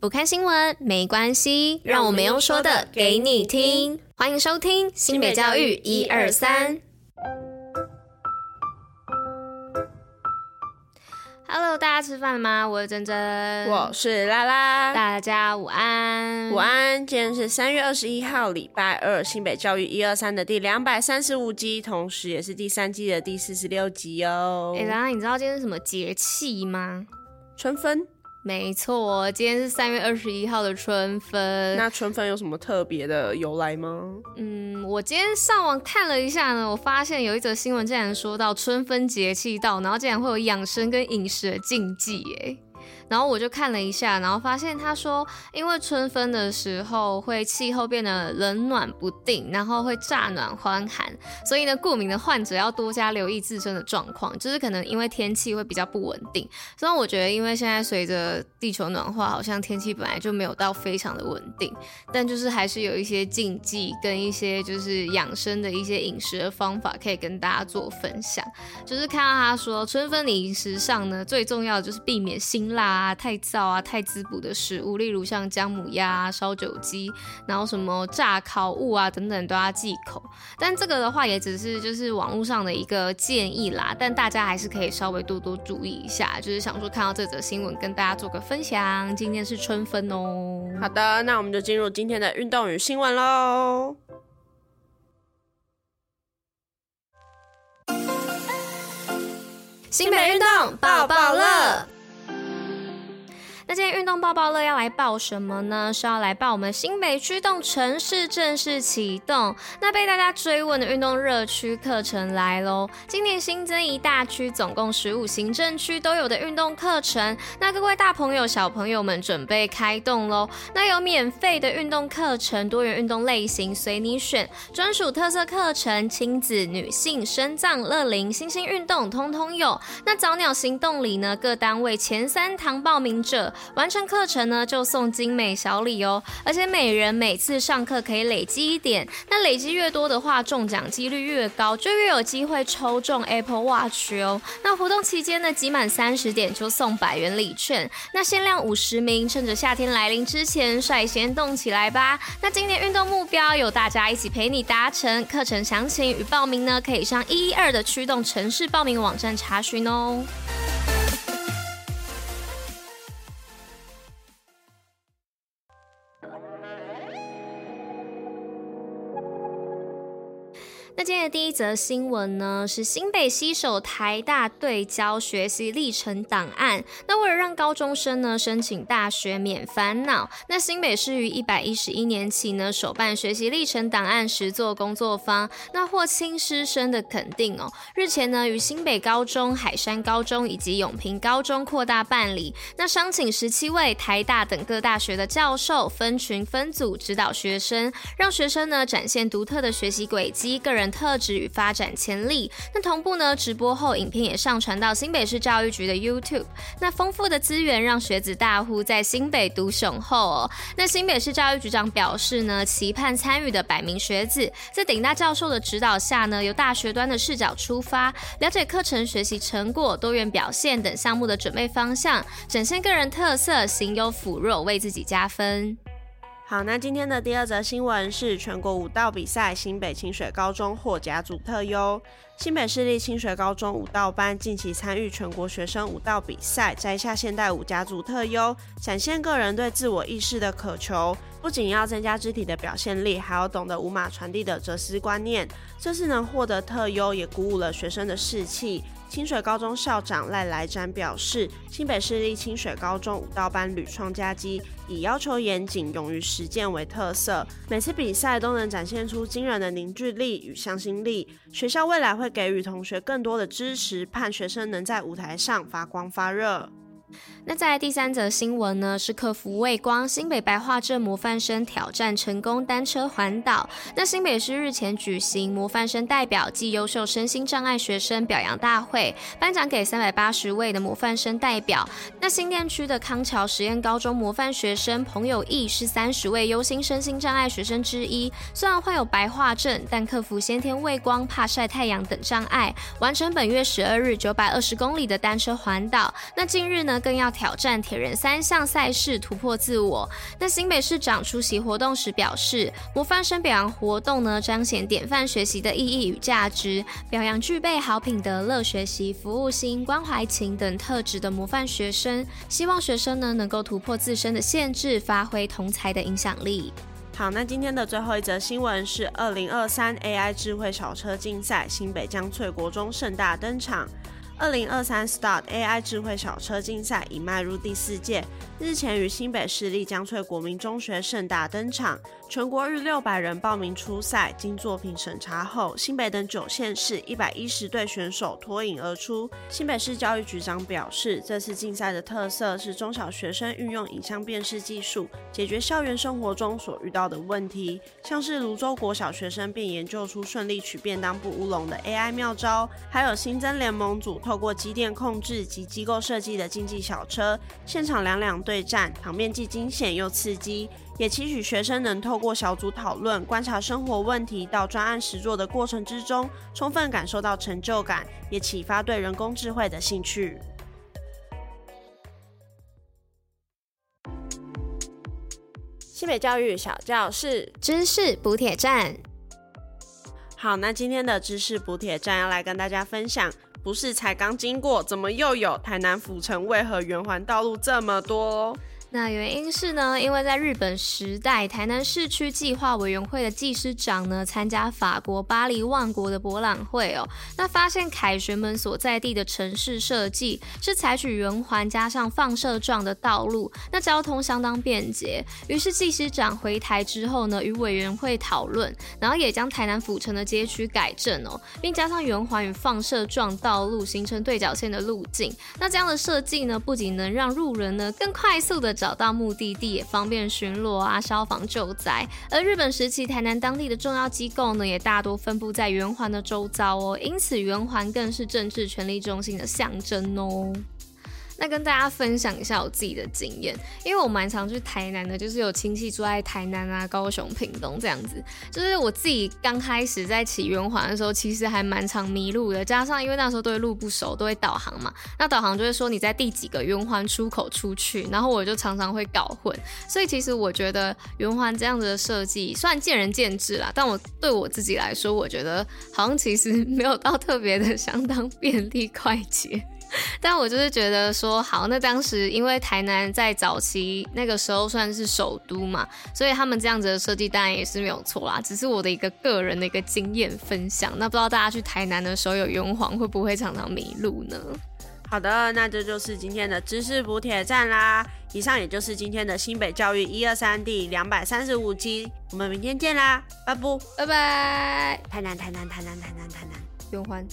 不看新聞沒關係，讓我們用說的給你聽。歡迎收聽新北教育一二三。Hello，大家吃飯了嗎？我是珍珍，我是拉拉，大家午安，午安。今天是三月二十一號，禮拜二，新北教育一二三的第兩百三十五集，同時也是第三季的第四十六集哦。哎、欸，拉拉，你知道今天是什麼節氣嗎？春分。沒錯，今天是三月二十一號的春分。那春分有什麼特別的由來嗎？嗯，我今天上網看了一下呢，我發現有一則新聞，竟然說到春分節氣到，然後竟然會有養生跟飲食的禁忌，哎。然後我就看了一下，然後發現他說，因為春分的時候會氣候變得冷暖不定，然後會乍暖還寒，所以呢，過敏的患者要多加留意自身的狀況，就是可能因為天氣會比較不穩定。雖然我覺得，因為現在隨着地球暖化，好像天氣本來就沒有到非常的穩定，但就是還是有一些禁忌跟一些就是養生的一些飲食的方法可以跟大家做分享。就是看到他說，春分飲食上呢，最重要的就是避免辛辣。啊，太燥，啊，太滋補的食物，例如像薑母鴨、啊、燒酒雞，然後什麼炸烤物啊等等都要忌口。但這個的話也只是就是網絡上的一個建議啦，但大家還是可以稍微多多注意一下。就是想說看到這則新聞，跟大家做個分享。今天是春分哦。好的，那我們就進入今天的運動與新聞嘍。新北運動報報樂。那今天運動報報樂要來報什麼呢？是要來報我們新北區動城市正式啟動。那被大家追問的運動熱區課程來嘍，今年新增一大區，總共十五行政區都有的運動課程。那各位大朋友、小朋友們準備開動嘍。那有免費的運動課程，多元運動類型隨你選，專屬特色課程，親子、女性、身障、樂齡、新興運動通通有。那早鳥行動裡呢，各單位前三堂報名者。完成課程呢，就送精美小禮哦。而且每人每次上課可以累積一點，那累積越多的話，中獎幾率越高，就越有機會抽中 Apple Watch 哦。那活動期間呢，集滿三十點就送百元禮券，那限量五十名，趁着夏天來臨之前，率先動起來吧。那今年運動目標有大家一起陪你達成，課程詳情與報名呢，可以上112的區動城市報名網站查詢哦。那今天的第一則新聞呢，是新北攜手台大對焦學習歷程檔案。那為了讓高中生呢申請大學免煩惱，那新北市於一百一十一年起呢首辦學習歷程檔案實作工作坊。那獲親師生的肯定哦。日前呢於新北高中、海山高中以及永平高中擴大辦理，那商請十七位台大等各大學的教授分群分組指導學生，讓學生呢展現獨特的學習軌跡、個人。特質與發展潛力。那同步呢，直播後，影片也上傳到新北市教育局的 YouTube。那豐富的資源讓學子大呼在新北讀雄厚哦。那新北市教育局長表示呢，期盼參與的百名學子在頂大教授的指導下呢，由大學端的視角出發，了解課程學習成果、多元表現等項目的準備方向，展現個人特色，行優輔弱，為自己加分。好，那今天的第二則新聞是全國舞蹈比賽，新北清水高中獲甲組特優。新北市立清水高中舞蹈班近期參與全國學生舞蹈比賽，摘下現代舞甲組特優，展現個人對自我意識的渴求。不僅要增加肢體的表現力，還要懂得舞碼傳遞的哲思觀念。這次能獲得特優，也鼓舞了學生的士氣。清水高中校長賴來展表示，新北市立清水高中舞蹈班屢創佳績，以要求嚴謹、勇於實踐為特色，每次比賽都能展現出驚人的凝聚力與向心力。學校未來會給予同學更多的支持，盼學生能在舞台上發光發熱。那在第三則新聞呢，是克服畏光，新北白化症模範生挑戰成功單車環島。那新北市日前舉行模範生代表暨優秀身心障礙學生表揚大會，頒獎給三百八十位的模範生代表。那新店區的康橋實驗高中模範學生彭友義是三十位優秀身心障礙學生之一，雖然患有白化症，但克服先天畏光、怕曬太陽等障礙，完成本月十二日九百二十公里的單車環島。那近日呢，更要挑戰鐵人三項賽事，突破自我。那新北市長出席活動時表示，模範生表揚活動呢，彰顯典範學習的意義與價值，表揚具備好品德、樂學習、服務心、關懷情等特質的模範學生。希望學生呢，能夠突破自身的限制，發揮同才的影響力。好，那今天的最後一則新聞是2023 AI 智慧小車競賽，新北江翠國中盛大登場。二零二三 Start AI 智慧小車競賽已邁入第四屆，日前於新北市立江翠國民中學盛大登場。全國逾六百人報名初賽，經作品審查後，新北等九縣市一百一十對選手脫穎而出。新北市教育局長表示，這次競賽的特色是中小學生運用影像辨識技術，解決校園生活中所遇到的問題，像是蘆洲國小學生便研究出順利取便當不烏龍的 AI 妙招，還有新增聯盟組。透過機電控制及機構設計的競技小車，現場兩兩對戰，場面既驚險又刺激。也期許學生能透過小組討論、觀察生活問題到專案實作的過程之中，充分感受到成就感，也啟發對人工智慧的興趣。西北教育小教室知識補鐵站。好，那今天的知識補鐵站要來跟大家分享。不是才剛經過，怎麼又有？台南府城為何圓環道路這麼多？那原因是呢，因為在日本時代，台南市區計劃委員會的技師長呢，參加法國巴黎萬國的博覽會哦、喔，那發現凱旋門所在地的城市設計是採取圓環加上放射狀的道路，那交通相當便捷。於是技師長回台之後呢，與委員會討論，然後也將台南府城的街區改正哦、喔，並加上圓環與放射狀道路形成對角線的路徑。那這樣的設計呢，不僅能讓路人呢更快速的。找到目的地，也方便巡邏啊，消防救災。而日本時期，台南當地的重要機構呢，也大多分布在圓環的周遭哦。因此，圓環更是政治權力中心的象徵哦。那跟大家分享一下我自己的經驗，因為我蠻常去台南的，就是有親戚住在台南啊、高雄、屏東這樣子。就是我自己剛開始在騎圓環的時候，其實還蠻常迷路的。加上因為那時候對路不熟，都會導航嘛。那導航就會說，你在第幾個圓環出口出去，然後我就常常會搞混。所以其實我覺得圓環這樣子的設計，雖然見仁見智啦，但我對我自己來說，我覺得好像其實沒有到特別的相當便利快捷。 但我就是覺得說好，那當時因為台南在早期那個時候算是首都嘛，所以他們這樣子的設計當然也是沒有錯啦。只是我的一個個人的一個經驗分享，那不知道大家去台南的時候有永煌會不會常常迷路呢？好的，那這就是今天的知識補帖站啦。以上也就是今天的新北教育一二三第兩百三十五期，我們明天見啦，拜拜，拜拜。台南，台南，台南，台南，台南，永歡。